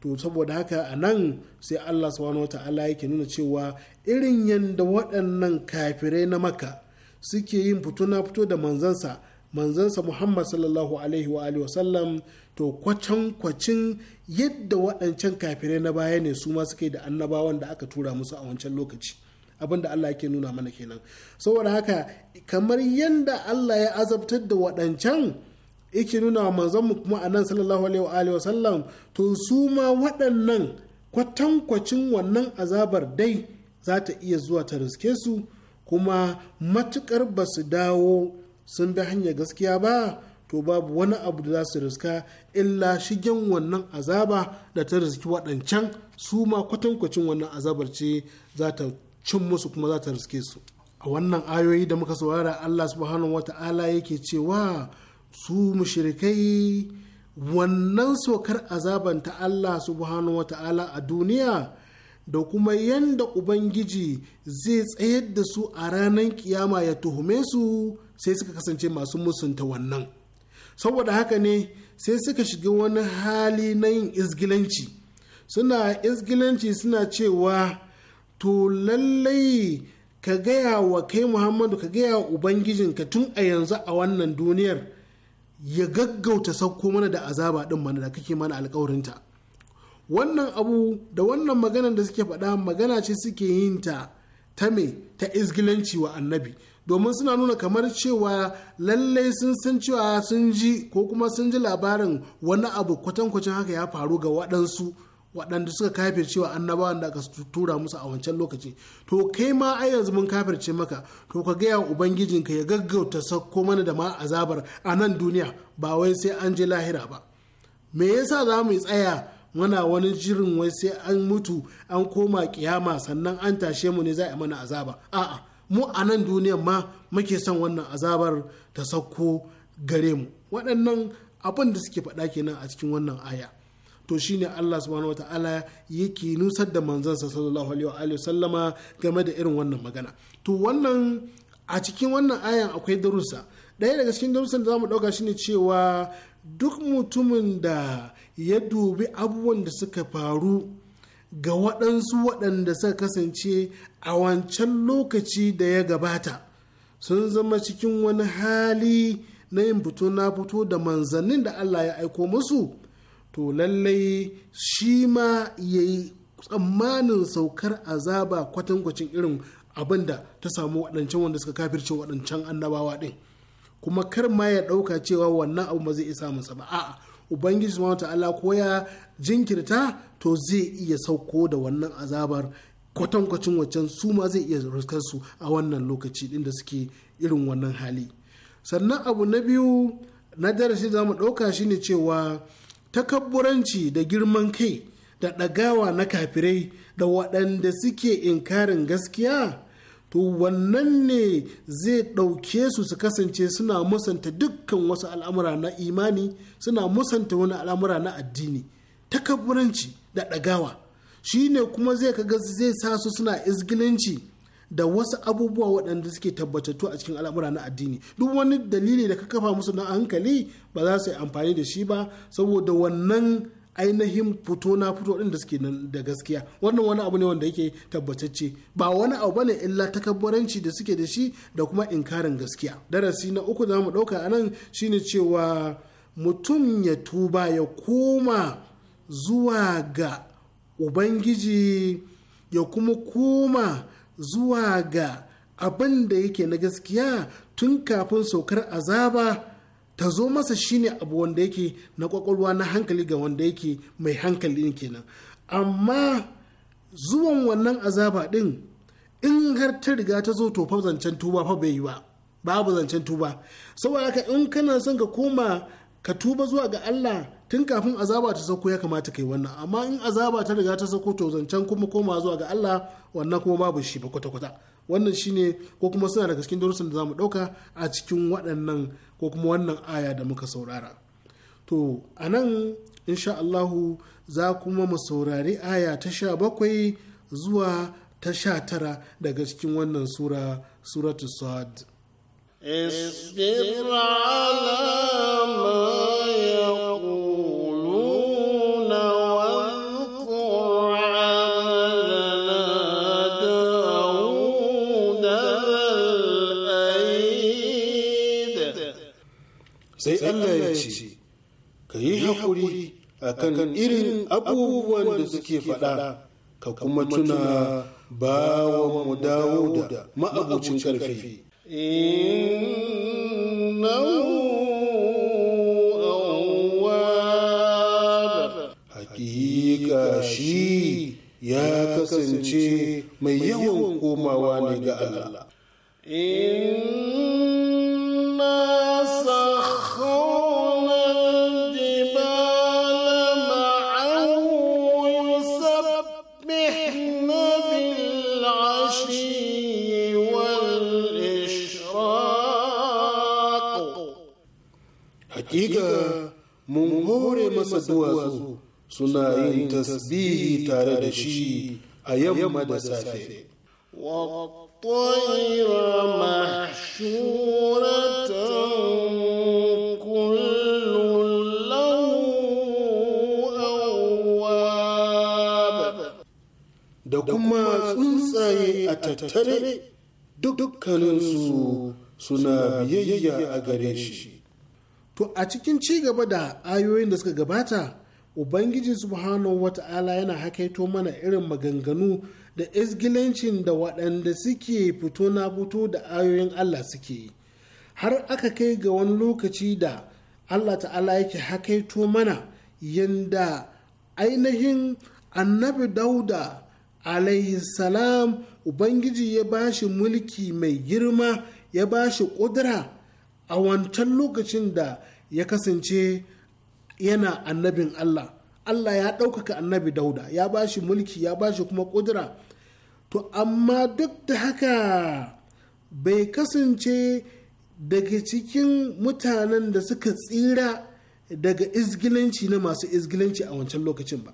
to saboda haka a nan sai allah subhanahu wa ta'ala yake nuna cewa irin yadda waɗannan kafirai na maka suke yin fito na fito da manzansa manzansa muhammad sallallahu alaihi wa alihi wasallam to kwacan kwacin yadda waɗancan kafirai na baya ne su ma suke da annabawan da aka tura musu a wancan lokaci abin da Allah yake nuna mana kenan saboda haka kamar yadda Allah ya azabtar da waɗancan yake nuna wa manzanmu kuma a nan sallallahu alaihi wa sallam to su ma waɗannan kwatankwacin wannan azabar dai za ta iya zuwa ta riske su kuma matukar ba su dawo sun bi hanyar gaskiya ba to babu wani abu da za su riska illa shigen wannan azaba da ta riski waɗancan su ma kwatankwacin wannan azabar ce za ta cin musu kuma za ta riske su a wannan ayoyi da muka saurara allah subhanahu wata'ala yake cewa su mushrikai wannan sokar azaban ta Allah subhanahu wa ta'ala a duniya da kuma yadda Ubangiji zai tsayar da su a ranar kiyama ya tuhume su sai suka kasance masu musunta wannan. Saboda haka ne sai suka shiga wani hali na yin izgilanci. Suna izgilanci suna cewa to lallai ka gaya wa kai Muhammadu ka gaya wa Ubangijinka tun a yanzu a wannan duniyar. ya gaggauta sauko mana da azaba din mana da kake mana alkawarinta wannan abu da wannan maganar da suke faɗa magana ce suke yin ta ta me ta izgilanci wa annabi domin suna nuna kamar cewa lallai sun san cewa sun ji ko kuma sun ji labarin wani abu kwatankwacin haka ya faru ga waɗansu waɗanda suka kafircewa annabawan da aka tura musu a wancan lokaci to kai ma ai yanzu mun kafirce maka to ka gaya ubangijinka ya gaggauta sakko mana da ma azabar a nan duniya ba wai sai an je lahira ba me yasa za mu tsaya mana wani jirin wai sai an mutu an koma kiyama sannan an tashe mu ne za a mana azaba a'a mu a nan duniya ma muke son wannan azabar ta sakko gare mu waɗannan abin da suke faɗa kenan a cikin wannan aya to shine Allah subhanahu wataala yake nusar da manzansa sallallahu alaihi wa sallama game da irin wannan magana to wannan a cikin wannan ayan akwai darussa ɗaya daga cikin darussan da zamu ɗauka shine cewa duk mutumin da ya dubi abubuwan da suka faru ga waɗansu waɗanda suka kasance a wancan lokaci da ya gabata sun zama cikin wani hali na yin fito na fito da manzannin da Allah ya aiko musu to lallai shi ma ya yi tsammanin saukar azaba kwatankwacin irin abin da ta samu waɗancan wanda suka kafirce waɗancan annabawa ɗin kuma kar ma ya ɗauka cewa wannan abu ma zai isa masa ba a'a ubangiji subhanahu ta'ala ko ya jinkirta to zai iya sauko da wannan azabar kwatankwacin waccan su ma zai iya ruskar su a wannan lokaci ɗin da suke irin wannan hali sannan abu na biyu na darasi za mu ɗauka shine cewa takabburanci da girman kai da ɗagawa na kafirai da waɗanda suke inkarin gaskiya to wannan ne zai ɗauke su su kasance suna musanta dukkan wasu al'amura na imani suna musanta wani al'amura na addini takabburanci da ɗagawa shi ne kuma zai kaga zai sa su suna izgilinci da wasu abubuwa waɗanda suke tabbatattu a cikin al'amura na addini duk wani dalili da ka kafa musu na hankali ba za su yi amfani da shi ba saboda wannan ainihin fito na fito da suke da gaskiya wannan wani abu ne wanda yake tabbatacce ba wani abu bane illa takabbaranci da suke da shi da kuma inkarin gaskiya darasi na uku da mu dauka anan shine cewa mutum ya tuba ya koma zuwa ga ubangiji ya kuma koma zuwa ga abin da yake na gaskiya tun kafin saukar azaba ta zo masa shine abu wanda yake na kwakwalwa na hankali ga wanda yake mai hankali kenan amma zuwan wannan azaba din in har ta riga ta zo to fa zancen tuba fa bai yi ba babu zancen tuba saboda haka in kana son ka koma ka tuba zuwa ga Allah tun kafin azaba ta sauko ya kamata kai wannan amma in azaba ta riga ta sauko to zancen kuma koma zuwa ga Allah wannan kuma babu shi ba kwata-kwata wannan shine ko kuma suna daga cikin darussan da zamu dauka a cikin waɗannan ko kuma wannan aya da muka saurara to anan insha Allahu za kuma mu saurari aya ta sha bakwai zuwa ta sha tara daga cikin wannan sura suratu sad اصبر على ما يقول haƙuri akan irin abubuwan da suke faɗa ka kuma tuna bawan mu dawo da ma'abucin ƙarfi hakika shi ya kasance mai yawan komawa ne ga Allah. duwatsu suna yin tasbihi tare da shi a yamma da safe da kuma tsuntsaye a tattare dukkaninsu suna biyayya a gare shi To a cikin ci gaba da ayoyin da suka gabata, Ubangiji Subhanahu wa ta'ala yana hakaito mana irin maganganu da izgilancin da waɗanda suke fito na fito da ayoyin Allah suke yi. Har aka kai ga wani lokaci da Allah ta'ala yake hakaito mana yanda ainihin annabi dauda alaihi salam Ubangiji ya bashi mulki mai girma ya bashi ƙudura. a wancan lokacin da ya kasance yana annabin Allah Allah ya ɗaukaka annabi dauda ya ba shi mulki ya ba shi kuma ƙudura to amma duk da haka bai kasance daga cikin mutanen da suka tsira daga izgilanci na masu izgilanci a wancan lokacin ba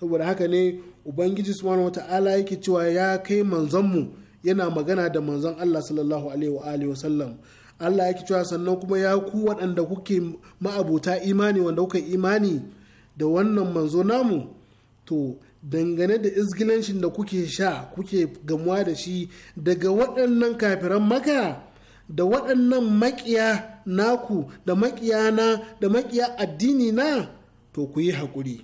saboda haka ne ubangiji subhanahu wata'ala yake cewa ya kai mu, yana magana da manzon Allah sallallahu alaihi wa alihi Allah ya ki cewa sannan kuma ya ku waɗanda kuke ma'abuta imani wanda kuka imani da wannan manzo namu to dangane da izgilancin da kuke sha kuke gamuwa da shi daga waɗannan kafiran maka da waɗannan maƙiya naku da maƙiya na da maƙiya addini na to ku yi haƙuri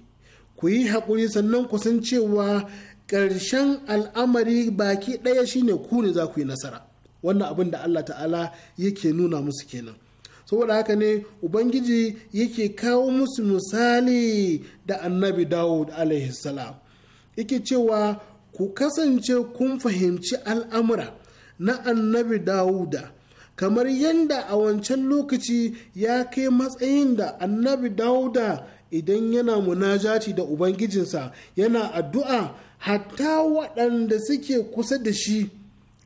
ku yi haƙuri sannan ku san cewa ƙarshen al'amari baki ɗaya shine ku ne za ku yi nasara wannan abin da Allah ta'ala yake nuna musu kenan saboda haka ne ubangiji yake kawo musu misali da annabi dawud salam yake cewa ku kasance kun fahimci al'amura na annabi dawuda kamar yadda a wancan lokaci ya kai matsayin da annabi dawuda idan yana munajati da ubangijinsa yana addu'a hatta waɗanda suke kusa da shi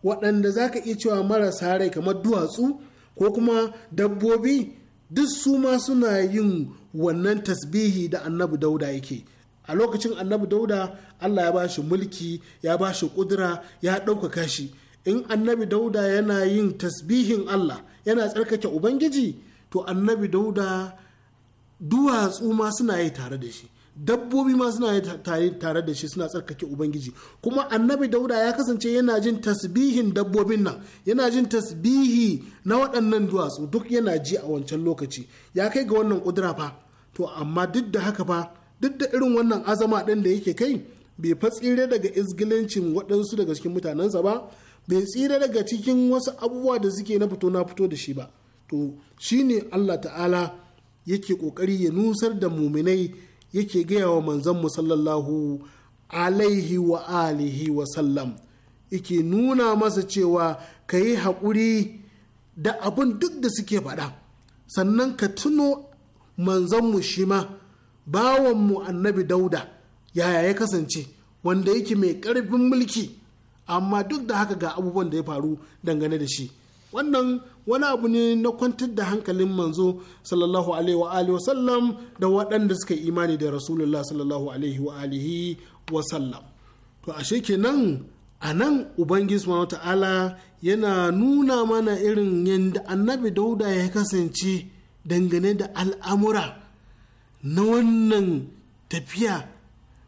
waɗanda za ka iya cewa marasa rai kamar duwatsu ko kuma dabbobi duk su ma suna yin wannan tasbihi da annabi dauda yake a lokacin annabi dauda allah ya ba shi mulki ya ba shi kudura ya ɗaukaka shi in annabi dauda yana yin tasbihin allah yana tsarkake ubangiji to annabi dauda duwatsu ma suna yi tare da shi dabbobi ma suna tare da shi suna tsarkake ubangiji kuma annabi dauda ya kasance yana jin tasbihin dabbobin nan yana jin tasbihi na waɗannan duwatsu duk yana ji a wancan lokaci ya kai ga wannan kudura fa to amma duk da haka fa duk da irin wannan azama ɗin da yake kai bai fatsire daga izgilancin waɗansu daga cikin mutanensa ba bai tsire daga cikin wasu abubuwa da suke na fito na fito da shi ba to shine Allah ta'ala yake kokari ya nusar da muminai yake gaya wa manzanmu sallallahu alaihi wa alihi wa sallam yake nuna masa cewa ka yi haƙuri da abin duk da suke faɗa sannan ka tuno manzonmu shi ma bawanmu annabi dauda yaya ya kasance wanda yake mai ƙarfin mulki amma duk da haka ga abubuwan da ya faru dangane da shi wannan wani abu ne na kwantar da hankalin manzo sallallahu alaihi wa alihi wasallam da waɗanda suka yi imani da rasulullah sallallahu alaihi wa alihi wasallam to ashe kenan a nan ubangiji subhanahu ta'ala yana nuna mana irin yadda annabi dauda ya kasance dangane da al'amura na wannan tafiya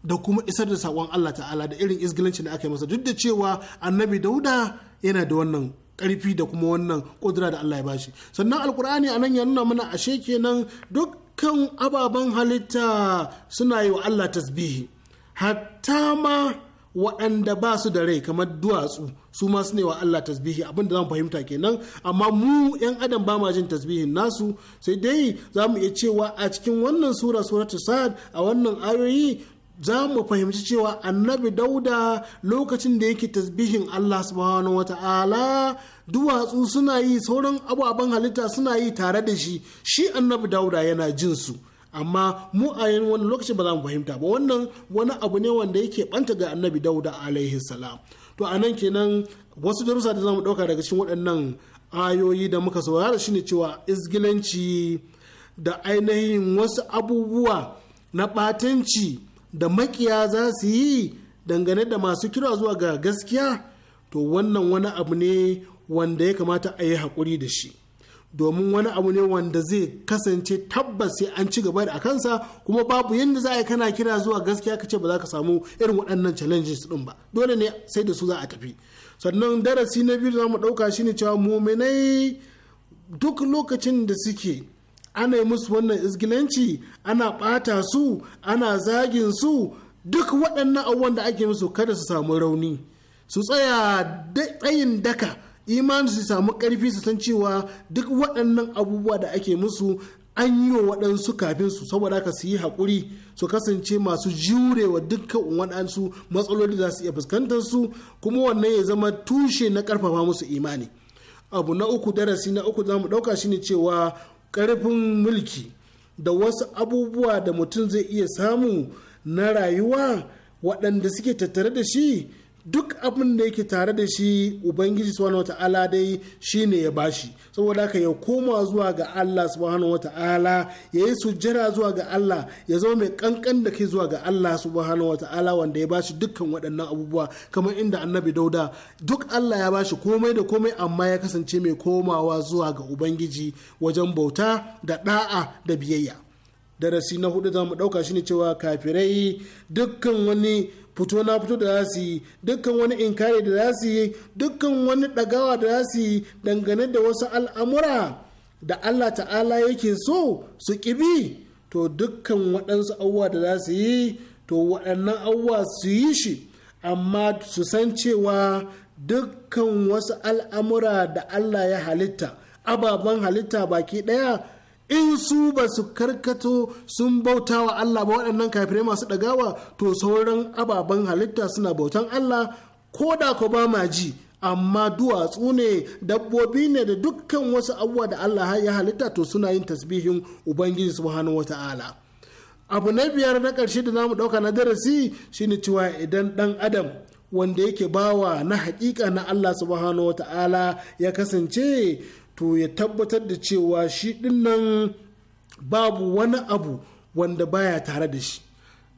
da kuma isar da saƙon Allah ta'ala da irin izgilanci da aka yi masa duk da cewa annabi dauda yana da wannan karfi da kuma wannan kudura da Allah ya bashi sannan alkur'ani a nan ya nuna mana ashe kenan dukkan ababen halitta suna yi wa Allah tasbihi hatta ma waɗanda ba su da rai kamar duwatsu su ma su ne wa Allah tasbihi abin da zan fahimta kenan amma mu yan adam ba ma jin tasbihin nasu sai dai za mu iya cewa a cikin wannan sura suratul sa'ad a wannan ayoyi za mu fahimci cewa annabi dauda lokacin da yake tasbihin Allah subhanahu ta'ala duwatsu suna yi sauran ababen halitta suna yi tare da shi shi annabi dauda yana jin su amma mu a yin wani lokaci ba za mu fahimta ba wannan wani abu ne wanda yake banta ga annabi dauda alaihi salam to a nan kenan wasu darussa da za mu ɗauka daga cikin waɗannan ayoyi da muka saurara shine cewa izgilanci da ainihin wasu abubuwa na ɓatanci da makiya za su yi dangane da masu kira zuwa ga gaskiya to wannan wani abu ne wanda ya kamata a yi haƙuri da shi domin wani abu ne wanda zai kasance tabbas sai an ci gaba da kansa kuma babu yadda za a yi kana kira zuwa gaskiya ka ce ba za ka samu irin waɗannan challenges ɗin ba dole ne sai da su za a tafi sannan darasi na biyu za mu ɗauka shine cewa muminai duk lokacin da suke ana yi musu wannan izgilanci ana ɓata su ana zagin su duk waɗannan abubuwan da ake musu kada su samu rauni su tsaya tsayin daka imani su samu ƙarfi su san cewa duk waɗannan abubuwa da ake musu an yi wa waɗansu kafin su saboda ka su yi haƙuri su kasance masu jurewa dukkan waɗansu matsaloli da su iya fuskantar su kuma wannan ya zama tushe na ƙarfafa musu imani abu na uku darasi na uku za mu ɗauka shine cewa ƙarfin mulki da wasu abubuwa da mutum zai iya samu na rayuwa waɗanda suke tattare da shi duk abin da yake tare da shi ubangiji subhanahu wata'ala dai shine ya bashi saboda haka ya koma zuwa ga Allah subhanahu wata'ala ya yi sujjara zuwa ga Allah ya zama mai kankan da ke zuwa ga Allah subhanahu wata'ala wanda ya bashi dukkan waɗannan abubuwa kamar inda annabi dauda duk Allah ya bashi komai da komai amma ya kasance mai komawa zuwa ga ubangiji wajen bauta da da'a da biyayya darasi na hudu za mu ɗauka shine cewa kafirai dukkan wani fito na fito da za yi dukkan wani inkari da za yi dukkan wani ɗagawa da za yi dangane da wasu al'amura da Allah ta'ala yake so su ƙibi to dukkan waɗansu abubuwa da za su yi to waɗannan abubuwa su yi shi amma su san cewa dukkan wasu al'amura da Allah ya halitta ababen halitta baki ɗaya in su ba su karkato sun bauta wa Allah ba waɗannan kafirai masu ɗagawa to sauran ababen halitta suna bautan Allah ko da ko ba ma ji amma duwatsu ne dabbobi ne da dukkan wasu abubuwa da Allah ya halitta to suna yin tasbihin Ubangiji subhanahu wata'ala abu na biyar na ƙarshe da namu ɗauka na darasi shine cewa idan ɗan adam wanda yake bawa na haƙiƙa na Allah subhanahu wata'ala ya kasance to ya tabbatar da cewa shi dinnan babu wani abu wanda baya tare da shi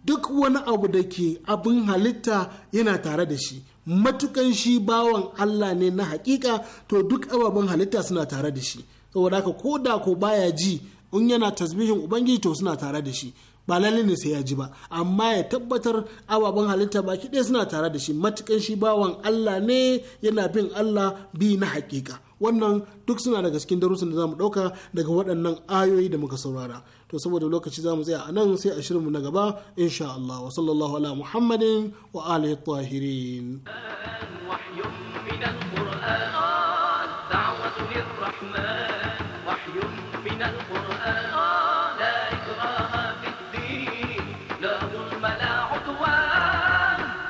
duk wani abu da ke abin halitta yana tare da shi matukan shi bawan Allah ne na hakika to duk ababen halitta suna tare da shi saboda haka ko da ko baya ji in yana tasbihin ubangiji to suna tare da shi ba lalle ne sai ya ji ba amma ya tabbatar ababen halitta baki ɗaya suna tare da shi matukan shi bawan Allah ne yana bin Allah bi na hakika wannan duk suna daga cikin darussan da zamu dauka daga waɗannan ayoyi da muka saurara to saboda lokaci zamu tsaya a nan sai a shirinmu na gaba insha Allah wa sallallahu ala muhammadin wa alihi tahirin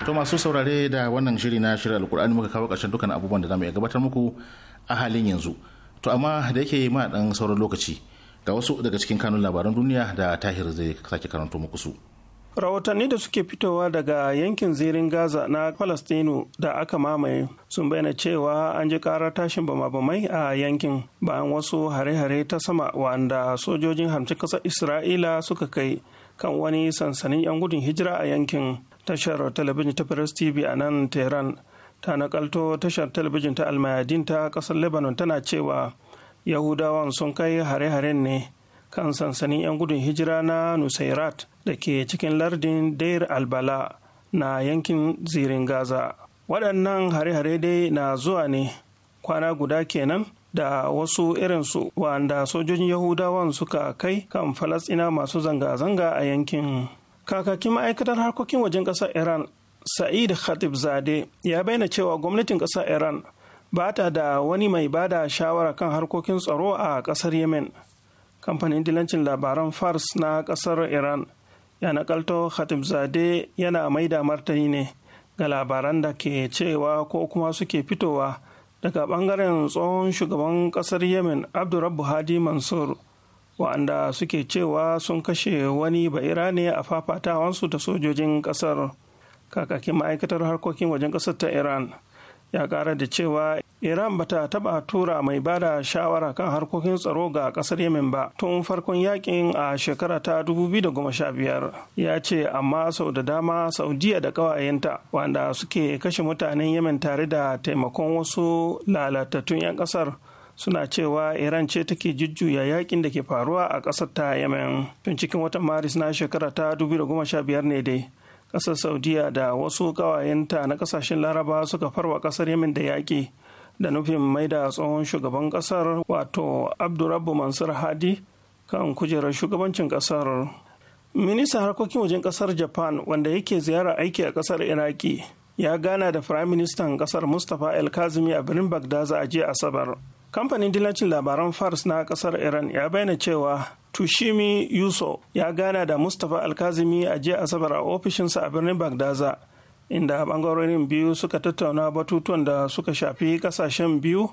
to masu saurare da wannan shiri na shirin alkur'ani muka kawo ƙarshen dukkan abubuwan da zamu iya gabatar muku a halin yanzu to amma da yake ma dan sauran lokaci ga wasu daga cikin kanun labaran duniya da tahir zai sake karanto muku su rahotanni da suke fitowa daga yankin zirin gaza na palestino da aka mamaye sun bayyana cewa an ji karar tashin bama-bamai a yankin bayan wasu hare-hare ta sama wanda sojojin hamsin kasar isra'ila suka kai kan wani sansanin 'yan gudun hijira a yankin tashar talabijin ta press tv a nan tehran ta nakalto tashar talabijin ta almayadin ta kasar lebanon tana cewa yahudawan sun kai hare-haren ne kan sansanin 'yan gudun hijira na nusairat da ke cikin lardin dair albala na yankin zirin gaza waɗannan hare-hare dai na zuwa ne kwana guda kenan da wasu irinsu wanda sojojin yahudawan suka kai kan falasina masu zanga-zanga a yankin kakakin ma'aikatar harkokin wajen ƙasar iran sa'id khatib zade ya bayyana cewa gwamnatin ƙasar iran ba ta da wani mai ba da shawara kan harkokin tsaro a ƙasar yemen kamfanin dilancin labaran fars na ƙasar iran ya nakalto khatib zade yana mai da martani ne ga labaran da ke cewa ko kuma suke fitowa daga bangaren tsohon shugaban ƙasar yemen abdurrabbu hadi mansur wa'anda suke cewa sun kashe wani ba'ira ne a fafatawansu da sojojin ƙasar kakakin ma'aikatar harkokin wajen ƙasar ta iran ya ƙara da cewa iran bata taɓa tura mai ba da shawara kan harkokin tsaro ga ƙasar yemen ba tun farkon yakin a shekara ta 2015 ya ce amma sau da dama saudiya da ƙawayenta wanda suke kashe mutanen yemen tare da taimakon wasu lalatattun 'yan ƙasar suna cewa iran ce take jujjuya yakin da ke faruwa a ƙasar ta yemen tun cikin watan maris na shekara ta 2015 ne dai ƙasar saudiya da wasu ƙawayenta na ƙasashen laraba suka farwa ƙasar yamin da yaƙi da nufin maida tsohon shugaban ƙasar wato abdurabbu mansur hadi kan kujerar shugabancin ƙasar ministan harkokin wajen ƙasar japan wanda yake ziyara aiki a ƙasar iraki ya gana da firayim ministan ƙasar mustapha el kazimi a birnin bagdaza a jiya asabar kamfanin dillacin labaran fars na ƙasar iran ya bayyana cewa tushimi yuso ya gana da mustapha alkazimi a jiya asabar a ofishinsa a birnin bagdaza inda bangarorin biyu suka tattauna batutuwan da suka shafi kasashen biyu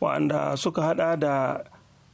wa'anda suka hada da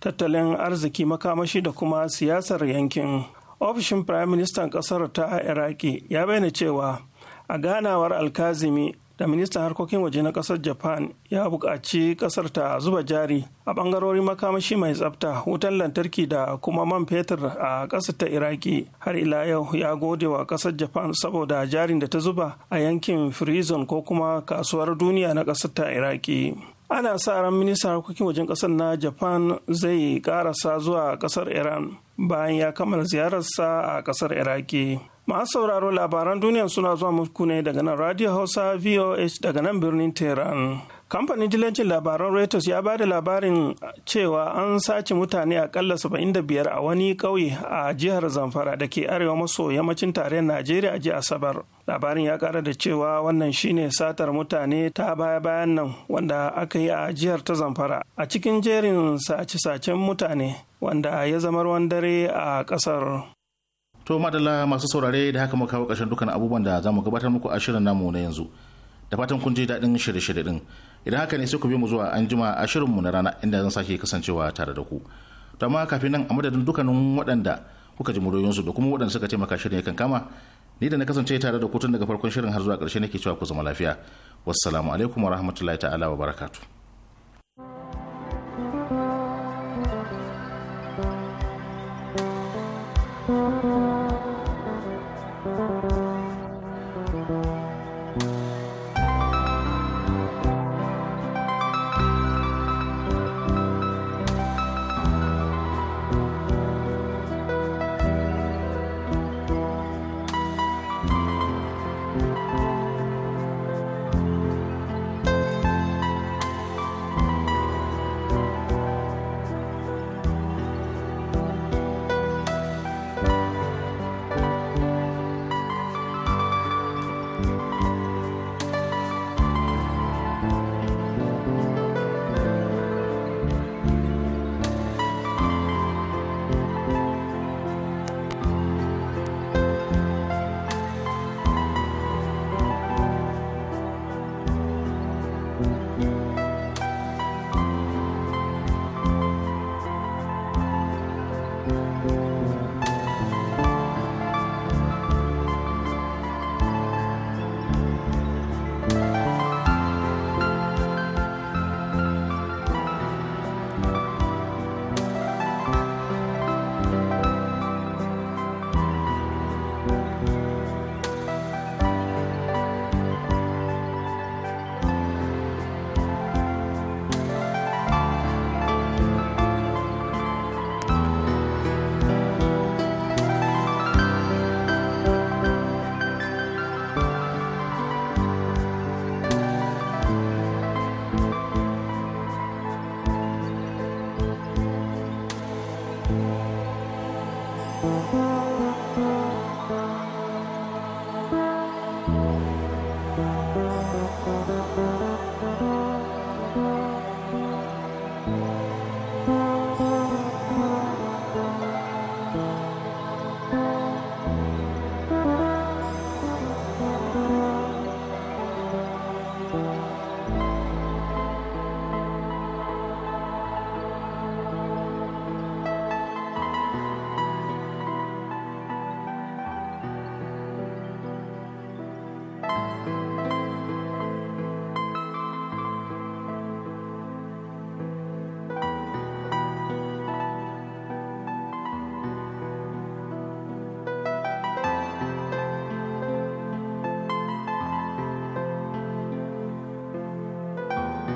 tattalin arziki makamashi da kuma siyasar yankin ofishin firayim ministan ƙasar ta iraki ya bayyana cewa a ganawar alkazimi da ministan harkokin waje na kasar japan ya buƙaci kasar ta zuba jari a ɓangarorin makamashi mai tsafta wutan lantarki da kuma man fetur a ƙasar ta iraki har ila yau ya gode wa kasar japan saboda jarin da ta zuba a yankin frizon ko kuma kasuwar duniya na ƙasar ta iraki ana sa ran ministan harkokin wajen kasar na japan zai karasa zuwa kasar iran bayan ya kammala ziyararsa a kasar iraki masu sauraro labaran duniya suna zuwa muku ne daga nan radio hausa voh daga nan birnin tehran kamfanin jilancin labaran reuters ya ba da labarin cewa an sace mutane akalla biyar a wani ƙauye a jihar zamfara da ke arewa maso yammacin tarayyar najeriya a jiya asabar labarin ya kara da cewa wannan shine satar mutane ta baya bayan nan wanda aka yi a jihar ta zamfara a cikin jerin sace-sacen mutane wanda ya zama ruwan dare a ƙasar to madalla masu saurare da haka muka kawo ƙarshen dukkan abubuwan da za mu gabatar muku a shirin namu na yanzu da fatan kun ji daɗin shirye-shirye din idan haka ne sai ku bi mu zuwa an jima a shirinmu na rana inda zan sake kasancewa tare da ku to amma kafin nan a madadin dukkanin waɗanda kuka ji muryoyinsu da kuma waɗanda suka taimaka shirin yakan kama ni da na kasance tare da ku tun daga farkon shirin har zuwa ƙarshe nake cewa ku zama lafiya wassalamu alaikum warahmatullahi rahmatullahi ta'ala wa barakatu.